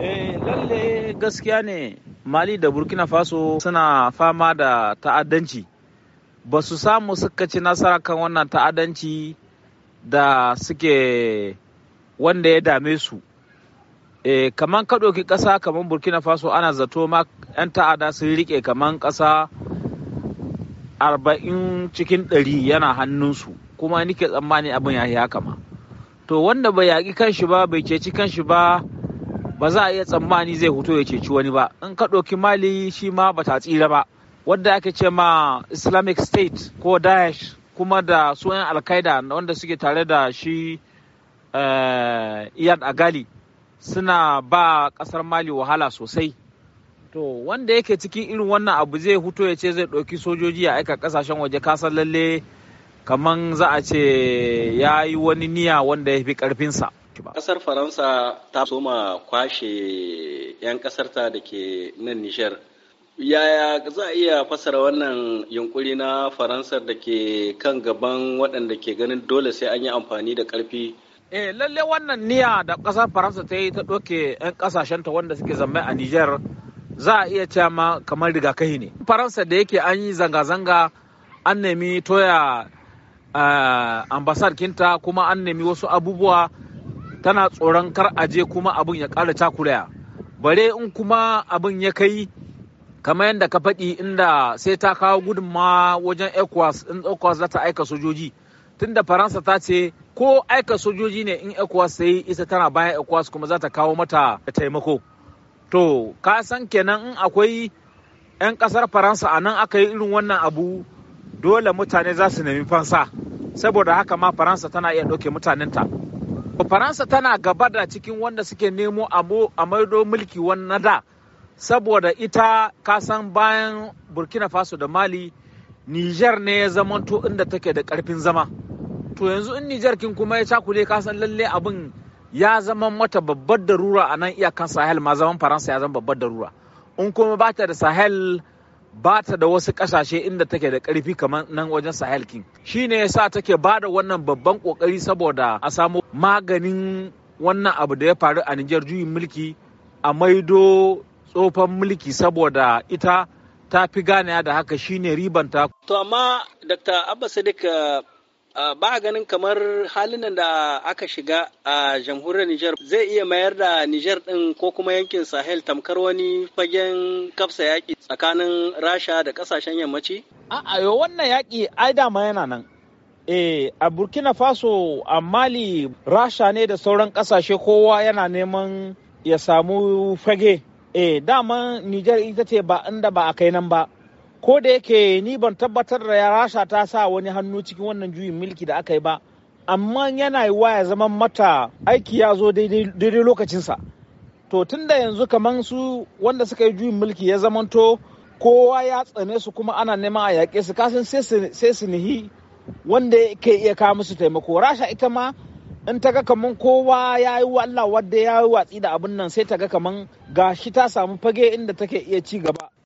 Eh lalle gaskiya ne Mali da Burkina Faso suna fama da ta'addanci. Ba su samu suka ci nasara kan wannan ta'addanci da suke wanda ya dame su. E, kaman ka ƙasa kaman burkina faso ana zato ma 'yan ta'ada sun riƙe kaman ƙasa arba'in cikin ɗari yana hannunsu kuma nike tsammani abin ya haka ma to wanda bai yaƙi kanshi ba bai ceci kanshi ba ba za a iya tsammani zai hoto ya ceci wani ba in ka ɗauki mali shi ma ba ta tsira ba wanda ake ce ma islamic state ko daesh kuma da sunan alkaida wanda suke tare da shi eh, iyad agali suna ba kasar mali wahala sosai to wanda yake cikin irin wannan abu zai huto ya ce zai ɗauki sojoji a aika kasashen waje kasan lalle kamar za a ce ya yi wani niya wanda ya fi ƙarfinsa Ƙasar ba kasar faransa ta soma kwashe 'yan kasarta da ke nan Nijar. yaya za a iya fasara wannan yunkuri na faransa da ke kan gaban waɗanda ke ganin dole sai an yi amfani da ƙarfi eh lalle wannan niyya da ƙasar faransa ta yi ta ɗauke 'yan ƙasashenta wanda suke zambai a Nijar, za a iya cewa ma kamar rigakahi ne faransa da yake an yi zanga-zanga an nemi toya eh, ambasar kinta kuma an nemi wasu abubuwa tana tsoron kar a je kuma abin ya ƙara cakulaya bare in kuma abin ya kai kamar yadda ka faɗi inda sai ta kawo gudunma wajen ecowas in ecowas za ta aika sojoji tunda faransa ta ce ko aika sojoji ne in ecowas sai isa tana bayan ecowas kuma za ta kawo mata taimako to ka san kenan in akwai 'yan kasar faransa a nan aka yi irin wannan abu dole mutane za su nemi fansa saboda haka ma faransa tana iya ɗauke mutanenta faransa tana gaba da cikin wanda suke nemo a maido mulki na da saboda ita kasan bayan burkina faso da mali niger ne ya zamanto inda take da karfin zama to yanzu in niger kin kuma ya cakule kasan lalle abin ya zama mata babbar darura a nan iyakan sahel ma zaman faransa ya zama babbar darura in kuma ba ta da sahel ba ta da wasu kasashe inda take da karfi kamar nan wajen sahel king ne yasa take ba da wannan babban kokari saboda a samu maganin wannan abu da ya faru a Nijar juyin mulki a maido tsofan mulki saboda ita ta fi ganewa da haka shine ribanta to amma dr abbas sadiq ba ganin kamar halin da aka shiga a jamhuriyar Nijar zai iya mayar da Nijar ɗin ko kuma yankin Sahel tamkar wani fagen kafsa yaƙi tsakanin Rasha da ƙasashen yammaci? A'a yo wannan yaƙi ai dama yana nan. Eh, a Burkina Faso a Mali Rasha ne da sauran ƙasashe kowa yana neman ya samu fage. Eh, dama Nijar ita ce ba inda ba a kai nan ba. ko da yake ni ban tabbatar da rasha ta sa wani hannu cikin wannan juyin mulki da aka yi ba amma yana yi ya zama mata aiki ya zo daidai lokacinsa to tun da yanzu kamar su wanda suka yi juyin mulki ya zamanto kowa ya tsane su kuma ana neman a yaƙe su kasan sai su nihi wanda ke iya kawo musu taimako rasha ita ma in ta ga kaman kowa ya yi wa wadda ya yi watsi da abin nan sai ta ga kaman gashi ta samu fage inda take iya ci gaba